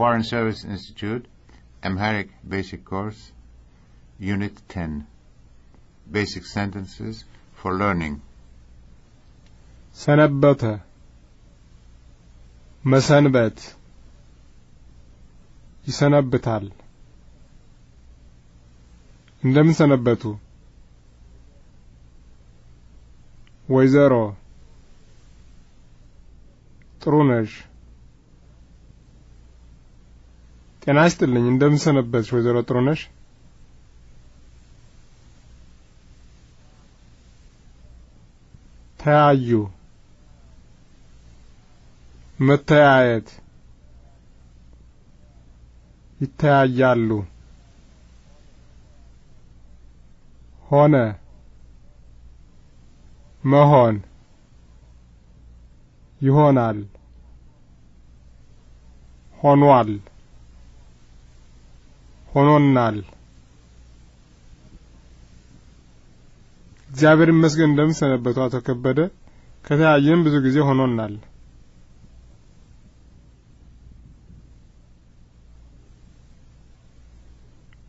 Foreign Service Institute, Amharic Basic Course, Unit 10. Basic Sentences for Learning. Sanabata. Masanabat. Isanabatal. Ndem Sanabatu. ወይዘሮ ጤና ይስጥልኝ። እንደምንሰነበትሽ ወይዘሮ ጥሩነሽ? ተያዩ፣ መተያየት፣ ይተያያሉ፣ ሆነ፣ መሆን፣ ይሆናል፣ ሆኗል ሆኖናል። እግዚአብሔር ይመስገን። እንደምን ሰነበቱ አቶ ከበደ? ከተያየን ብዙ ጊዜ ሆኖናል።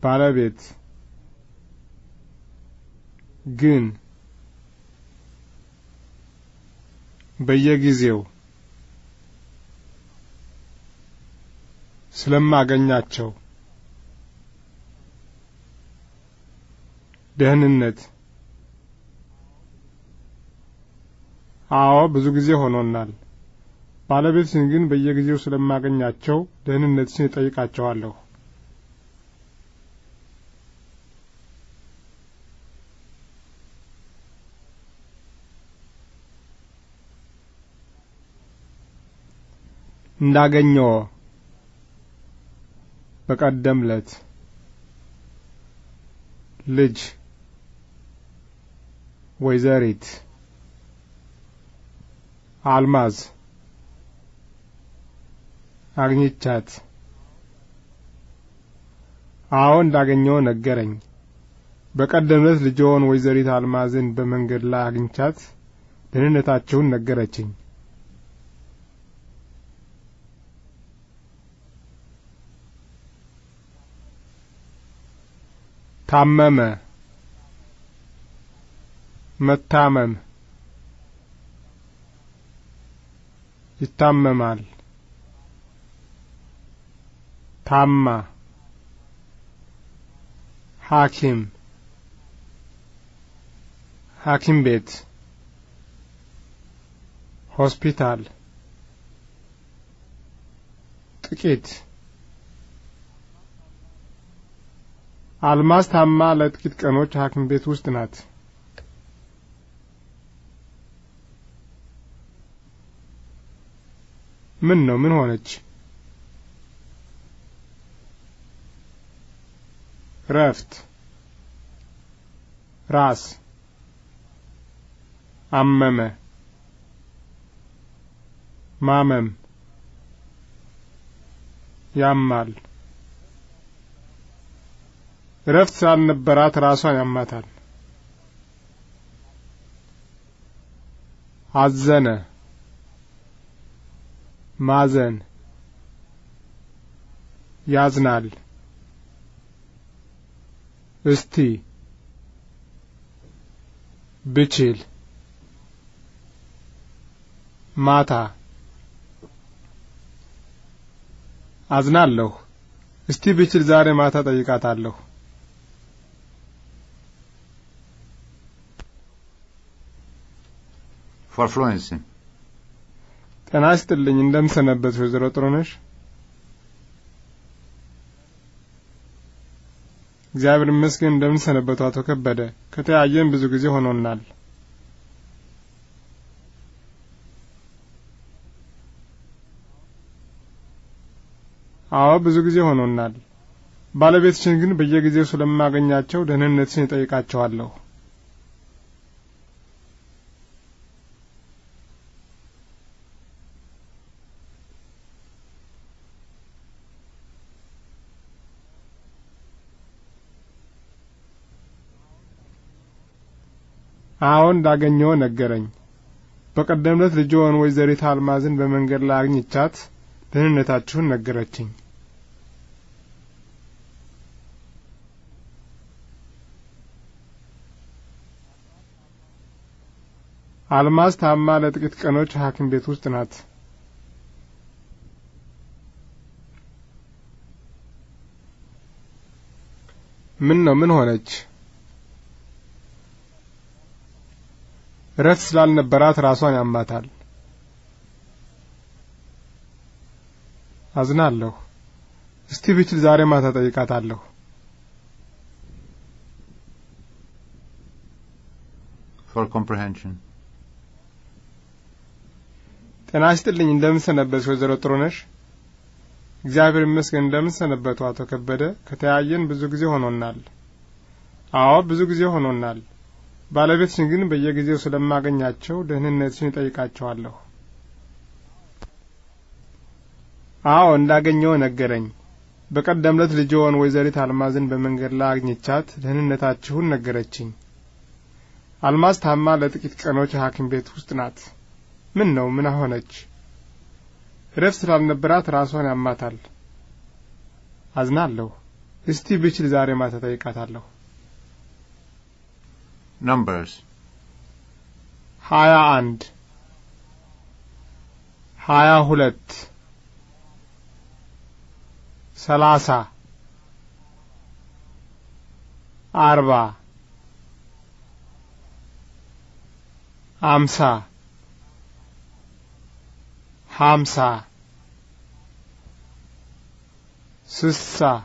ባለቤት ግን በየጊዜው ስለማገኛቸው ደህንነት አዎ ብዙ ጊዜ ሆኖናል። ባለቤትሽን ግን በየጊዜው ስለማገኛቸው ደህንነትሽን እጠይቃቸዋለሁ። እንዳገኘው በቀደም ለት ልጅ ወይዘሪት አልማዝ አግኝቻት አዎ እንዳገኘው ነገረኝ። በቀደምት ዕለት ልጅዎን ወይዘሪት አልማዝን በመንገድ ላይ አግኝቻት ደህንነታቸውን ነገረችኝ። ታመመ መታመም ይታመማል። ታማ ሐኪም ሐኪም ቤት ሆስፒታል ጥቂት አልማዝ ታማ ለጥቂት ቀኖች ሐኪም ቤት ውስጥ ናት። ምን ነው? ምን ሆነች? ረፍት ራስ አመመ ማመም ያማል። እረፍት ስላልነበራት ራሷን ያማታል። አዘነ ማዘን ያዝናል። እስቲ ብችል ማታ አዝናለሁ። እስቲ ብችል ዛሬ ማታ ጠይቃታለሁ። Forfluense ጤና ይስጥልኝ። እንደምሰነበቱ ወይዘሮ ጥሩነሽ? እግዚአብሔር ይመስገን። እንደምንሰነበቱ አቶ ከበደ? ከተያየን ብዙ ጊዜ ሆኖናል። አዎ ብዙ ጊዜ ሆኖናል። ባለቤትሽን ግን በየጊዜው ስለማገኛቸው ደህንነትሽን እጠይቃቸዋለሁ። አዎን እንዳገኘው ነገረኝ። በቀደም ዕለት ልጅዎን ወይዘሪት አልማዝን በመንገድ ላይ አግኝቻት ደህንነታችሁን ነገረችኝ። አልማዝ ታማ ለጥቂት ቀኖች ሐኪም ቤት ውስጥ ናት። ምን ነው? ምን ሆነች? እረፍት ስላልነበራት ራሷን ያማታል። አዝናለሁ። እስቲ ብችል ዛሬ ማታ ጠይቃታለሁ። ፎር comprehension ጤና ይስጥልኝ። እንደምን ሰነበት ወይዘሮ ጥሩነሽ? እግዚአብሔር ይመስገን። እንደምን ሰነበቱ አቶ ከበደ? ከተያየን ብዙ ጊዜ ሆኖናል። አዎ ብዙ ጊዜ ሆኖናል። ባለቤትሽን ግን በየጊዜው ስለማገኛቸው ደህንነትሽን እጠይቃቸዋለሁ። አዎ እንዳገኘው ነገረኝ። በቀደም ዕለት ልጅዎን ወይዘሪት አልማዝን በመንገድ ላይ አግኝቻት ደህንነታችሁን ነገረችኝ። አልማዝ ታማ ለጥቂት ቀኖች ሐኪም ቤት ውስጥ ናት። ምን ነው ምን ሆነች? እረፍት ስላልነበራት ራሷን ያማታል። አዝናለሁ። እስቲ ብችል ዛሬ ማታ ጠይቃታለሁ። numbers. Haya and. Haya hulet. Salasa. Arba. Amsa. Hamsa. Sissa.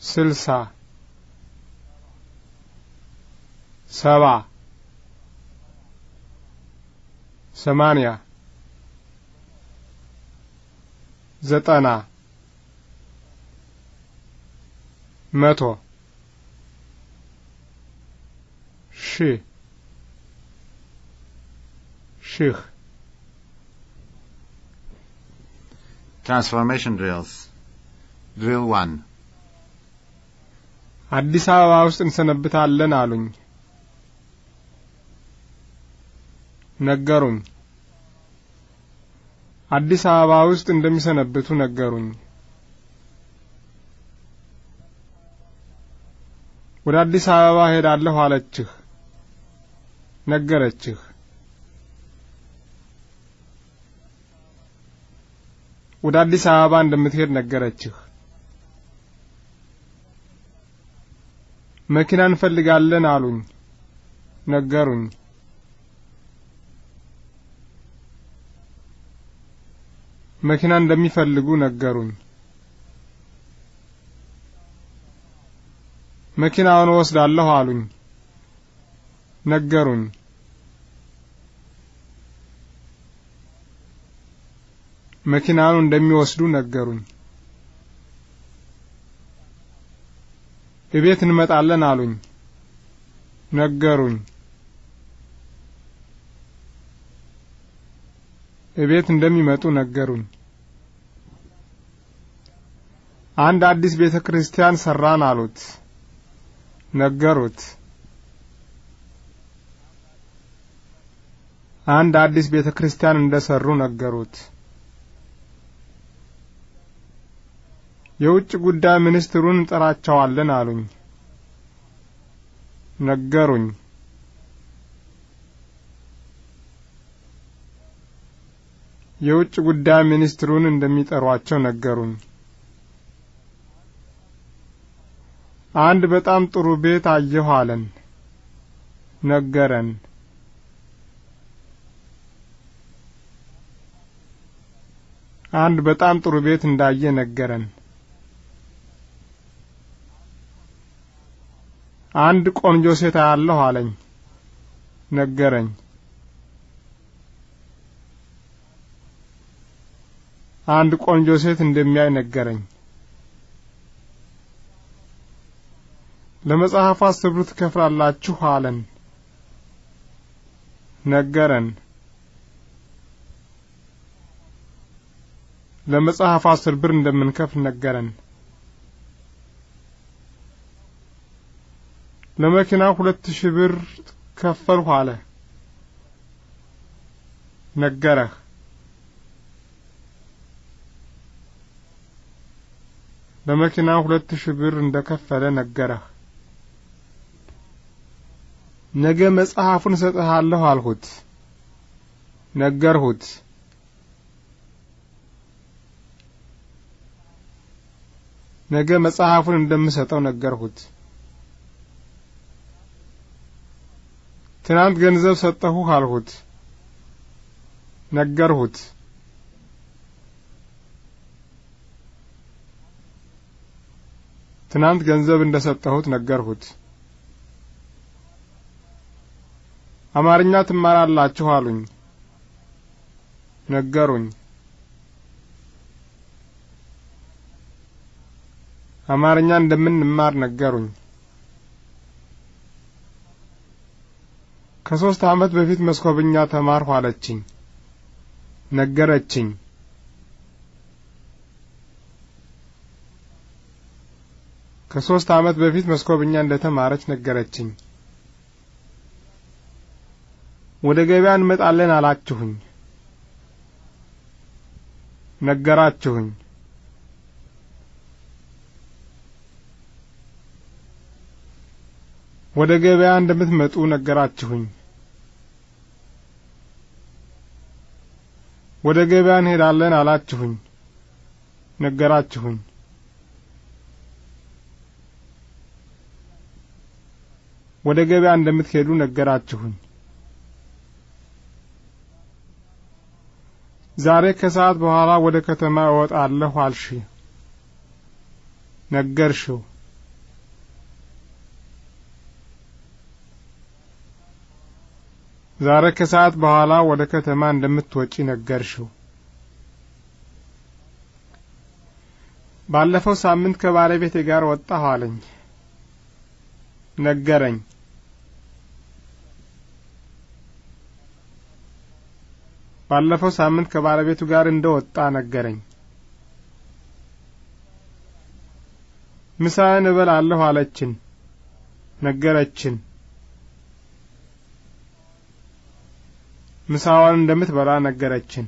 Silsa. ሰባ ሰማንያ ዘጠና መቶ ሺህ ሺህ Transformation drills. Drill 1. አዲስ አበባ ውስጥ እንሰነብታለን አሉኝ። ነገሩኝ። አዲስ አበባ ውስጥ እንደሚሰነብቱ ነገሩኝ። ወደ አዲስ አበባ ሄዳለሁ አለችህ፣ ነገረችህ። ወደ አዲስ አበባ እንደምትሄድ ነገረችህ። መኪና እንፈልጋለን አሉኝ፣ ነገሩኝ። መኪና እንደሚፈልጉ ነገሩኝ። መኪናውን ወስዳለሁ አሉኝ ነገሩኝ። መኪናውን እንደሚወስዱ ነገሩኝ። እቤት እንመጣለን አሉኝ ነገሩኝ። እቤት እንደሚመጡ ነገሩን። አንድ አዲስ ቤተ ክርስቲያን ሰራን አሉት ነገሩት። አንድ አዲስ ቤተ ክርስቲያን እንደ ነገሩት። የውጭ ጉዳይ ሚኒስትሩን እንጠራቸዋለን አሉኝ ነገሩኝ። የውጭ ጉዳይ ሚኒስትሩን እንደሚጠሯቸው ነገሩኝ። አንድ በጣም ጥሩ ቤት አየሁ አለን ነገረን። አንድ በጣም ጥሩ ቤት እንዳየ ነገረን። አንድ ቆንጆ ሴት አያለሁ አለኝ ነገረኝ። አንድ ቆንጆ ሴት እንደሚያይ ነገረኝ። ለመጽሐፍ አስር ብር ትከፍላላችሁ አለን። ነገረን። ለመጽሐፍ አስር ብር እንደምንከፍል ነገረን። ለመኪና ሁለት ሺህ ብር ከፈልሁ አለ። ነገረህ። በመኪና ሁለት ሺህ ብር እንደ ከፈለ ነገረህ። ነገ መጽሐፉን እሰጥሃለሁ አልሁት። ነገርሁት። ነገ መጽሐፉን እንደምሰጠው ነገርሁት። ትናንት ገንዘብ ሰጠሁህ አልሁት። ነገርሁት። ትናንት ገንዘብ እንደ ሰጠሁት ነገርሁት። አማርኛ ትማራላችሁ አሉኝ። ነገሩኝ። አማርኛ እንደምንማር ነገሩኝ። ከሶስት ዓመት በፊት መስኮብኛ ተማርሁ አለችኝ ነገረችኝ። ከሶስት ዓመት በፊት መስኮብኛ እንደ ተማረች ነገረችኝ። ወደ ገበያ እንመጣለን አላችሁኝ፣ ነገራችሁኝ። ወደ ገበያ እንደምትመጡ ነገራችሁኝ። ወደ ገበያ እንሄዳለን አላችሁኝ፣ ነገራችሁኝ። ወደ ገበያ እንደምትሄዱ ነገራችሁኝ። ዛሬ ከሰዓት በኋላ ወደ ከተማ እወጣለሁ አልሽ። ነገርሽው። ዛሬ ከሰዓት በኋላ ወደ ከተማ እንደምትወጪ ነገርሽው። ባለፈው ሳምንት ከባለቤቴ ጋር ወጣሁ አለኝ። ነገረኝ። ባለፈው ሳምንት ከባለቤቱ ጋር እንደ ወጣ ነገረኝ። ምሳዬን እበላለሁ አለችን ነገረችን። ምሳዋን እንደምትበላ ነገረችን።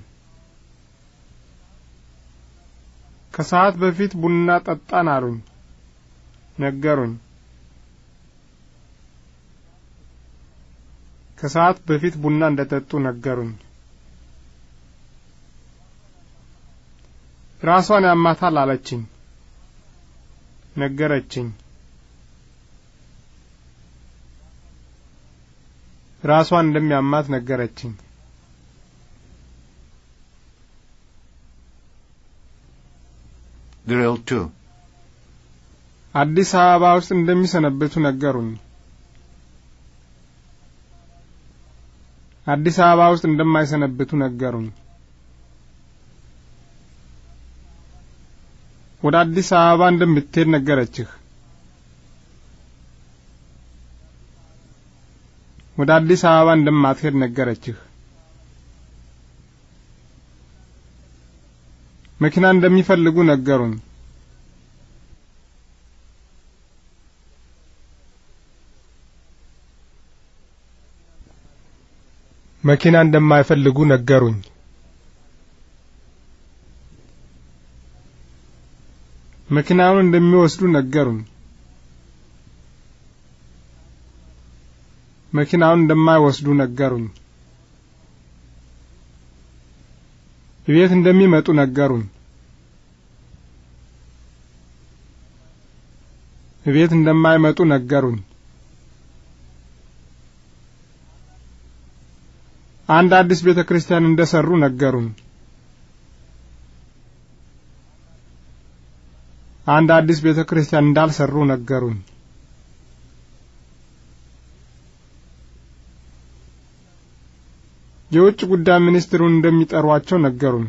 ከሰዓት በፊት ቡና ጠጣን አሉኝ ነገሩኝ። ከሰዓት በፊት ቡና እንደጠጡ ነገሩኝ። ራሷን ያማታል አለችኝ። ነገረችኝ። ራሷን እንደሚያማት ነገረችኝ። ድሪል ቱ አዲስ አበባ ውስጥ እንደሚሰነብቱ ነገሩኝ። አዲስ አበባ ውስጥ እንደማይሰነብቱ ነገሩኝ። ወደ አዲስ አበባ እንደምትሄድ ነገረችህ። ወደ አዲስ አበባ እንደማትሄድ ነገረችህ። መኪና እንደሚፈልጉ ነገሩኝ። መኪና እንደማይፈልጉ ነገሩኝ። መኪናውን እንደሚወስዱ ነገሩን። መኪናውን እንደማይወስዱ ነገሩኝ። ቤት እንደሚመጡ ነገሩኝ። ቤት እንደማይመጡ ነገሩኝ። አንድ አዲስ ቤተ ክርስቲያን እንደሰሩ ነገሩኝ። አንድ አዲስ ቤተ ክርስቲያን እንዳልሰሩ ነገሩኝ። የውጭ ጉዳይ ሚኒስትሩን እንደሚጠሯቸው ነገሩኝ።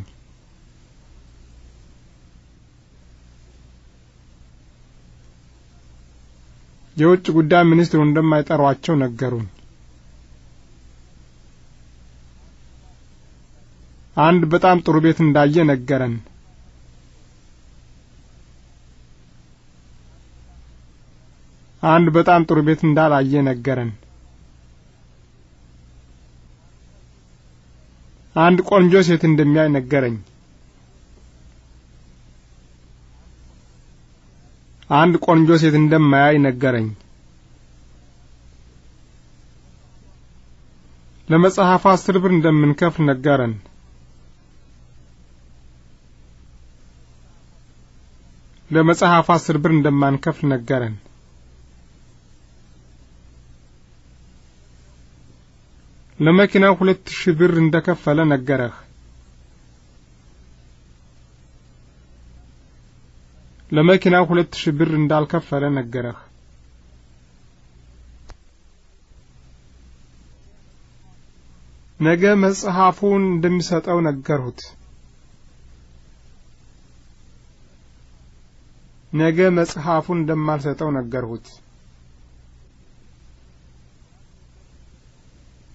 የውጭ ጉዳይ ሚኒስትሩ እንደማይጠሯቸው ነገሩኝ። አንድ በጣም ጥሩ ቤት እንዳየ ነገረን። አንድ በጣም ጥሩ ቤት እንዳላየ ነገረን። አንድ ቆንጆ ሴት እንደሚያይ ነገረኝ። አንድ ቆንጆ ሴት እንደማያይ ነገረኝ። ለመጽሐፉ አስር ብር እንደምንከፍል ነገረን። ለመጽሐፉ አስር ብር እንደማንከፍል ነገረን። ለመኪና ሁለት ሺህ ብር እንደከፈለ ነገረህ። ለመኪና ሁለት ሺህ ብር እንዳልከፈለ ነገረህ። ነገ መጽሐፉን እንደሚሰጠው ነገርሁት። ነገ መጽሐፉን እንደማልሰጠው ነገርሁት።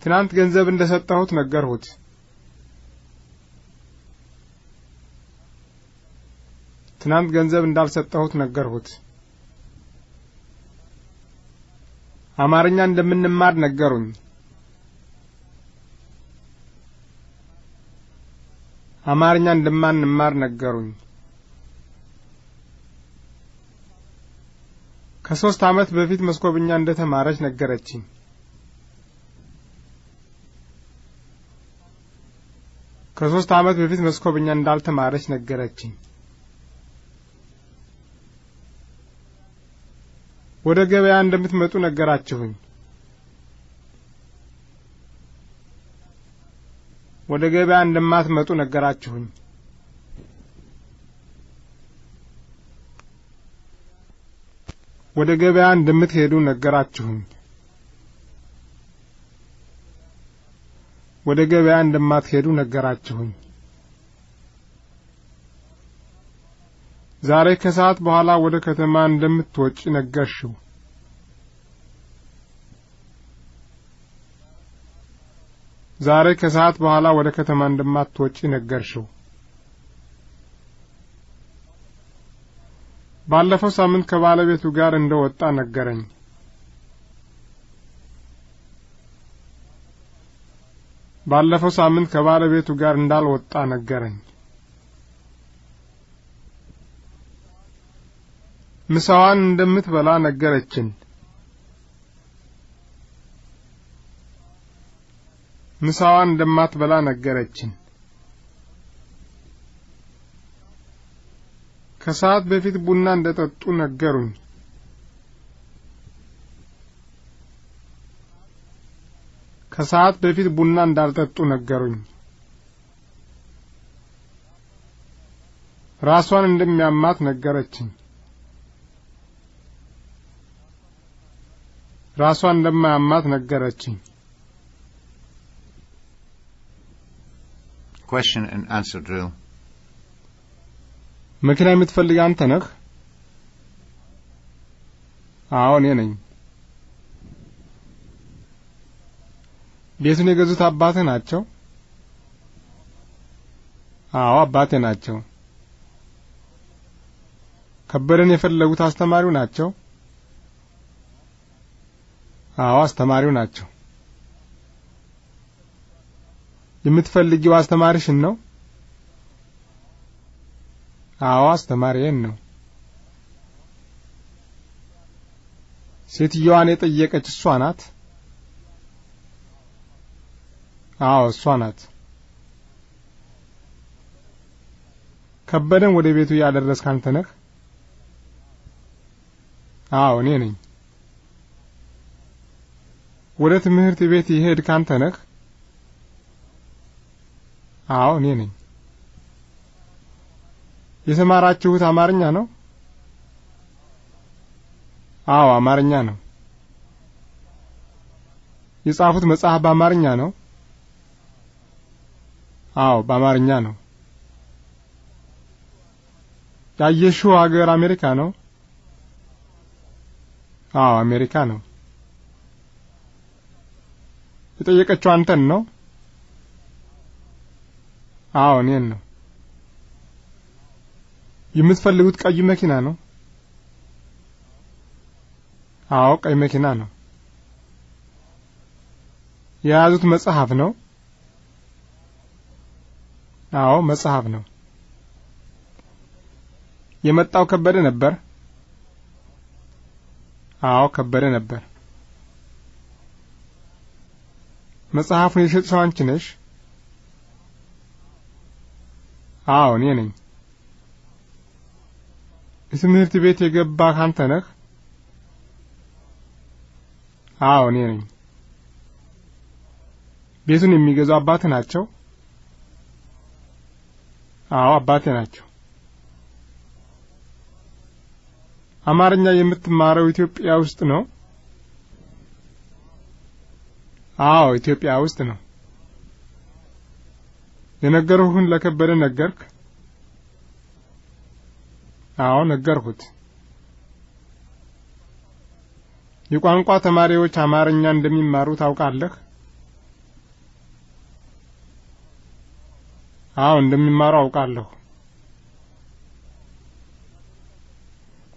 ትናንት ገንዘብ እንደ ሰጠሁት ነገርሁት። ትናንት ገንዘብ እንዳልሰጠሁት ነገርሁት። አማርኛ እንደምንማር ነገሩኝ። አማርኛ እንደማንማር ነገሩኝ። ከሶስት ዓመት በፊት መስኮብኛ እንደተማረች ነገረችኝ። ከሶስት ዓመት በፊት መስኮብኛ እንዳልተማረች ነገረችኝ። ወደ ገበያ እንደምትመጡ ነገራችሁኝ። ወደ ገበያ እንደማትመጡ ነገራችሁኝ። ወደ ገበያ እንደምትሄዱ ነገራችሁኝ። ወደ ገበያ እንደማትሄዱ ነገራችሁኝ። ዛሬ ከሰዓት በኋላ ወደ ከተማ እንደምትወጪ ነገርሽው። ዛሬ ከሰዓት በኋላ ወደ ከተማ እንደማትወጪ ነገርሽው። ባለፈው ሳምንት ከባለቤቱ ጋር እንደወጣ ነገረኝ። ባለፈው ሳምንት ከባለቤቱ ጋር እንዳልወጣ ነገረኝ። ምሳዋን እንደምትበላ ነገረችን። ምሳዋን እንደማትበላ ነገረችን። ከሰዓት በፊት ቡና እንደጠጡ ነገሩኝ። ከሰዓት በፊት ቡና እንዳልጠጡ ነገሩኝ። ራሷን እንደሚያማት ነገረችኝ። ራሷን እንደማያማት ነገረችኝ። question and answer drill መኪና የምትፈልግ አንተ ነህ? አዎ እኔ ነኝ። ቤቱን የገዙት አባትህ ናቸው? አዎ አባቴ ናቸው። ከበደን የፈለጉት አስተማሪው ናቸው? አዎ አስተማሪው ናቸው። የምትፈልጊው አስተማሪሽን ነው? አዎ አስተማሪዬን ነው። ሴትየዋን የጠየቀች እሷ ናት? አዎ እሷ ናት። ከበደን ወደ ቤቱ ያደረስክ አንተ ነህ? አዎ እኔ ነኝ። ወደ ትምህርት ቤት የሄድክ አንተ ነህ? አዎ እኔ ነኝ። የተማራችሁት አማርኛ ነው? አዎ አማርኛ ነው። የጻፉት መጽሐፍ በአማርኛ ነው? አዎ በአማርኛ ነው። ያየሽው አገር አሜሪካ ነው? አዎ አሜሪካ ነው። የጠየቀችው አንተን ነው? አዎ እኔን ነው። የምትፈልጉት ቀይ መኪና ነው? አዎ ቀይ መኪና ነው። የያዙት መጽሐፍ ነው? አዎ መጽሐፍ ነው። የመጣው ከበደ ነበር። አዎ ከበደ ነበር። መጽሐፉን የሸጥሽው አንቺ ነሽ? አዎ እኔ ነኝ። ትምህርት ቤት የገባህ አንተ ነህ? አዎ እኔ ነኝ። ቤቱን የሚገዛው አባትህ ናቸው? አዎ አባቴ ናቸው። አማርኛ የምትማረው ኢትዮጵያ ውስጥ ነው? አዎ ኢትዮጵያ ውስጥ ነው። የነገርሁህን ለከበደ ነገርክ? አዎ ነገርሁት። የቋንቋ ተማሪዎች አማርኛ እንደሚማሩ ታውቃለህ? አዎ እንደሚማሩ አውቃለሁ።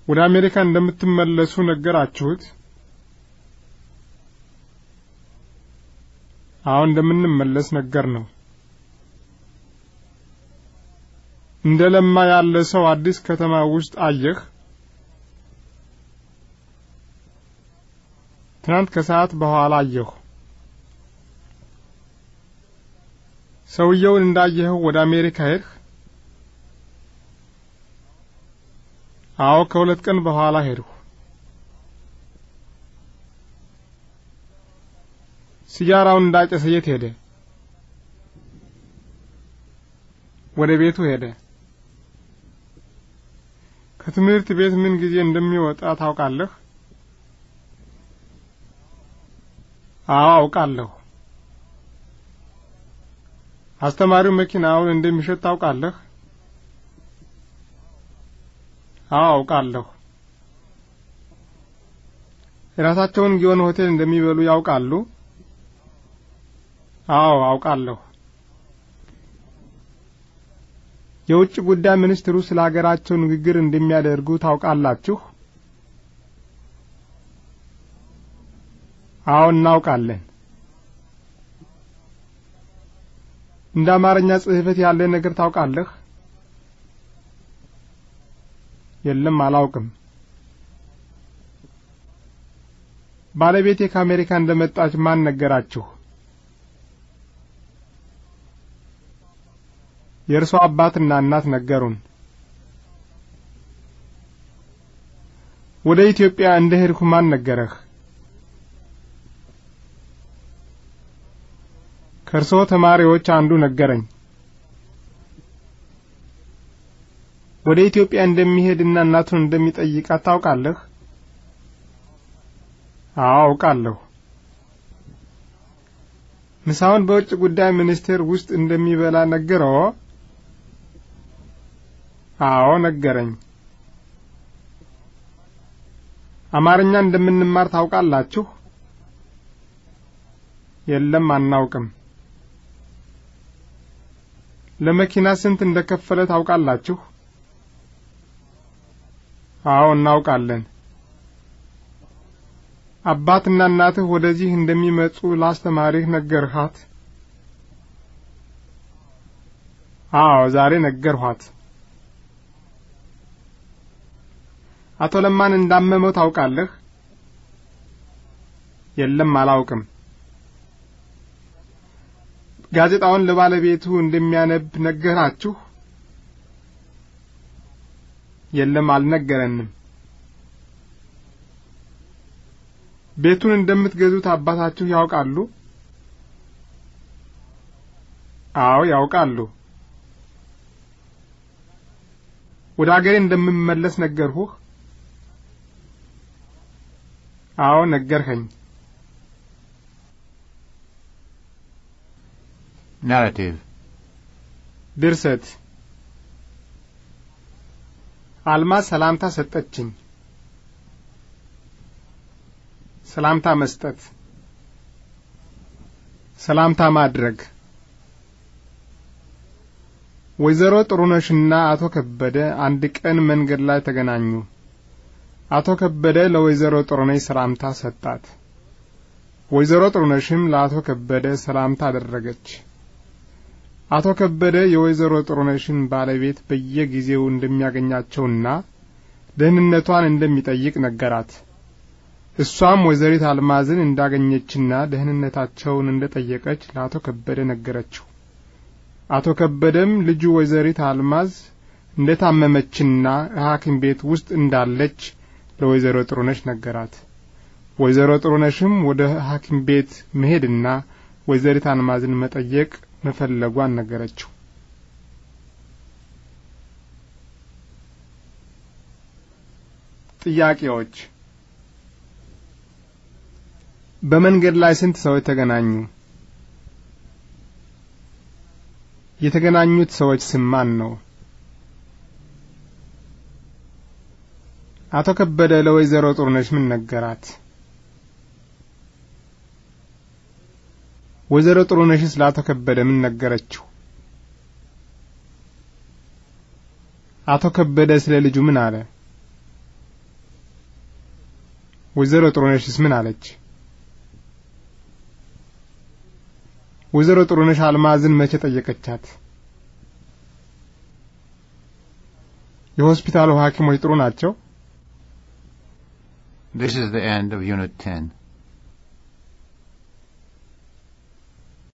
ወደ አሜሪካ እንደምትመለሱ ነገራችሁት? አሁን እንደምንመለስ ነገር ነው። እንደ ለማ ያለ ሰው አዲስ ከተማ ውስጥ አየህ? ትናንት ከሰዓት በኋላ አየሁ። ሰውየውን እንዳየኸው ወደ አሜሪካ ሄድህ? አዎ፣ ከሁለት ቀን በኋላ ሄድሁ። ሲጋራውን እንዳጨሰ የት ሄደ? ወደ ቤቱ ሄደ። ከትምህርት ቤት ምን ጊዜ እንደሚወጣ ታውቃለህ? አዎ፣ አውቃለሁ። አስተማሪው መኪናውን እንደሚሸጥ ታውቃለህ? አዎ አውቃለሁ። የራሳቸውን ጊዮን ሆቴል እንደሚበሉ ያውቃሉ? አዎ አውቃለሁ። የውጭ ጉዳይ ሚኒስትሩ ስለ አገራቸው ንግግር እንደሚያደርጉ ታውቃላችሁ? አዎ እናውቃለን። እንደ አማርኛ ጽህፈት ያለ ነገር ታውቃለህ? የለም፣ አላውቅም። ባለቤቴ ከአሜሪካ እንደመጣች ማን ነገራችሁ? የእርሷ አባትና እናት ነገሩን። ወደ ኢትዮጵያ እንደሄድኩ ማን ነገረህ? ከእርስዎ ተማሪዎች አንዱ ነገረኝ። ወደ ኢትዮጵያ እንደሚሄድና እናቱን እንደሚጠይቃት ታውቃለህ? አዎ አውቃለሁ። ምሳውን በውጭ ጉዳይ ሚኒስቴር ውስጥ እንደሚበላ ነገረው? አዎ ነገረኝ። አማርኛ እንደምንማር ታውቃላችሁ? የለም፣ አናውቅም። ለመኪና ስንት እንደከፈለ ታውቃላችሁ? አዎ እናውቃለን። አባትና እናትህ ወደዚህ እንደሚመጡ ላስተማሪህ ነገርሃት? አዎ ዛሬ ነገርኋት። አቶ ለማን እንዳመመው ታውቃለህ? የለም አላውቅም። ጋዜጣውን ለባለቤቱ እንደሚያነብ ነገራችሁ? የለም፣ አልነገረንም። ቤቱን እንደምትገዙት አባታችሁ ያውቃሉ? አዎ፣ ያውቃሉ። ወደ አገሬ እንደምመለስ ነገርሁህ? አዎ፣ ነገርኸኝ። narrative ድርሰት አልማዝ ሰላምታ ሰጠችኝ። ሰላምታ መስጠት፣ ሰላምታ ማድረግ። ወይዘሮ ጥሩነሽና አቶ ከበደ አንድ ቀን መንገድ ላይ ተገናኙ። አቶ ከበደ ለወይዘሮ ጥሩነሽ ሰላምታ ሰጣት። ወይዘሮ ጥሩነሽም ለአቶ ከበደ ሰላምታ አደረገች። አቶ ከበደ የወይዘሮ ጥሩነሽን ባለቤት በየጊዜው እንደሚያገኛቸውና ደህንነቷን እንደሚጠይቅ ነገራት። እሷም ወይዘሪት አልማዝን እንዳገኘችና ደህንነታቸውን እንደ ጠየቀች ለአቶ ከበደ ነገረችው። አቶ ከበደም ልጁ ወይዘሪት አልማዝ እንደ ታመመችና ሐኪም ቤት ውስጥ እንዳለች ለወይዘሮ ጥሩነሽ ነገራት። ወይዘሮ ጥሩነሽም ወደ ሐኪም ቤት መሄድና ወይዘሪት አልማዝን መጠየቅ መፈለጓን ነገረችው። ጥያቄዎች በመንገድ ላይ ስንት ሰዎች ተገናኙ? የተገናኙት ሰዎች ስም ማን ነው? አቶ ከበደ ለወይዘሮ ጥሩነሽ ምን ነገራት? ወይዘሮ ጥሩነሽስ ለአቶ ከበደ ምን ነገረችው? አቶ ከበደ ስለ ልጁ ምን አለ? ወይዘሮ ጥሩነሽስ ምን አለች? ወይዘሮ ጥሩነሽ አልማዝን መቼ ጠየቀቻት? የሆስፒታሉ ሐኪሞች ጥሩ ናቸው? This is the end of Unit 10.